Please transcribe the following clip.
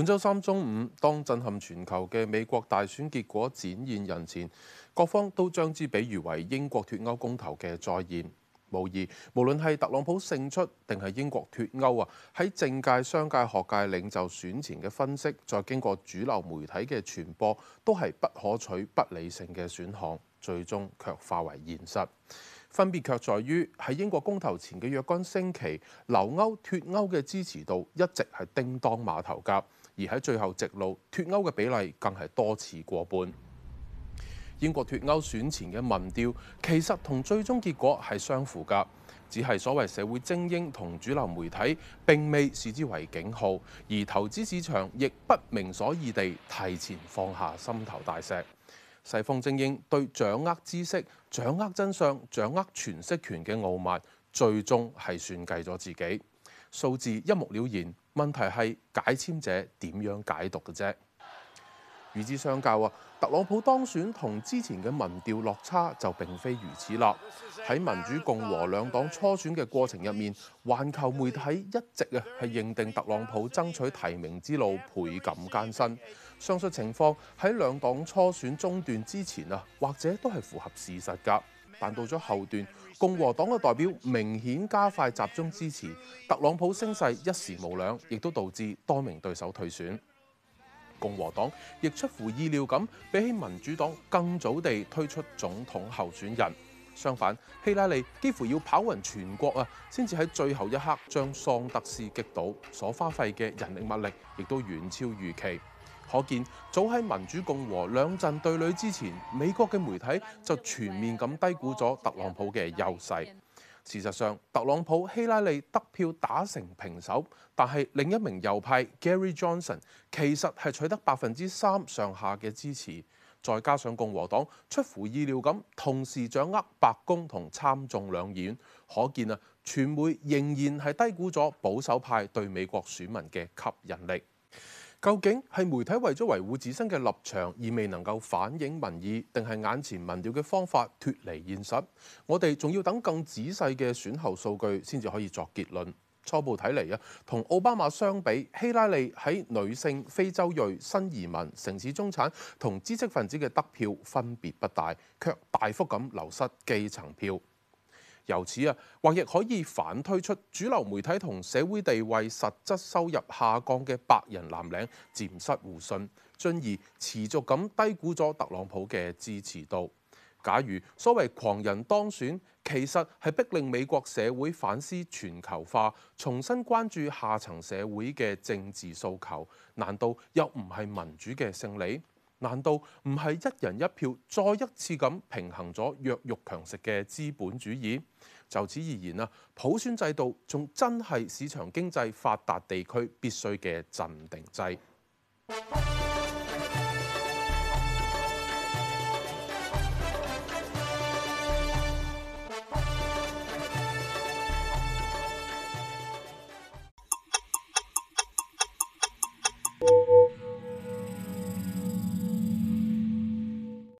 本周三中午，當震撼全球嘅美國大選結果展現人前，各方都將之比喻為英國脫歐公投嘅再現，無疑，無論係特朗普勝出定係英國脫歐啊，喺政界、商界、學界領袖選前嘅分析，再經過主流媒體嘅傳播，都係不可取、不理性嘅選項，最終卻化為現實，分別卻在於喺英國公投前嘅若干星期，留歐脫歐嘅支持度一直係叮當馬頭架。而喺最後直路，脱歐嘅比例更係多次過半。英國脱歐選前嘅民調其實同最終結果係相符㗎，只係所謂社會精英同主流媒體並未視之為警號，而投資市場亦不明所以地提前放下心頭大石。西方精英對掌握知識、掌握真相、掌握詮釋權嘅傲慢，最終係算計咗自己。數字一目了然，問題係解簽者點樣解讀嘅啫。與之相較啊，特朗普當選同之前嘅民調落差就並非如此啦。喺民主共和兩黨初選嘅過程入面，環球媒體一直啊係認定特朗普爭取提名之路倍感艱辛。上述情況喺兩黨初選中斷之前啊，或者都係符合事實㗎。但到咗後段，共和黨嘅代表明顯加快集中支持，特朗普聲勢一時無兩，亦都導致多名對手退選。共和黨亦出乎意料咁，比起民主黨更早地推出總統候選人。相反，希拉里幾乎要跑勻全國啊，先至喺最後一刻將桑德斯擊倒，所花費嘅人力物力亦都遠超預期。可見，早喺民主共和兩陣對壘之前，美國嘅媒體就全面咁低估咗特朗普嘅優勢。事實上，特朗普希拉里得票打成平手，但係另一名右派 Gary Johnson 其實係取得百分之三上下嘅支持。再加上共和黨出乎意料咁同時掌握白宮同參眾兩院，可見啊，傳媒仍然係低估咗保守派對美國選民嘅吸引力。究竟係媒體為咗維護自身嘅立場而未能夠反映民意，定係眼前民調嘅方法脫離現實？我哋仲要等更仔細嘅選後數據先至可以作結論。初步睇嚟啊，同奧巴馬相比，希拉里喺女性、非洲裔、新移民、城市中產同知識分子嘅得票分別不大，卻大幅咁流失基層票。由此啊，或亦可以反推出主流媒體同社會地位、實質收入下降嘅白人藍領漸失互信，進而持續咁低估咗特朗普嘅支持度。假如所謂狂人當選，其實係逼令美國社會反思全球化，重新關注下層社會嘅政治訴求，難道又唔係民主嘅勝利？難道唔係一人一票，再一次咁平衡咗弱肉強食嘅資本主義？就此而言啊，普選制度仲真係市場經濟發達地區必須嘅鎮定劑。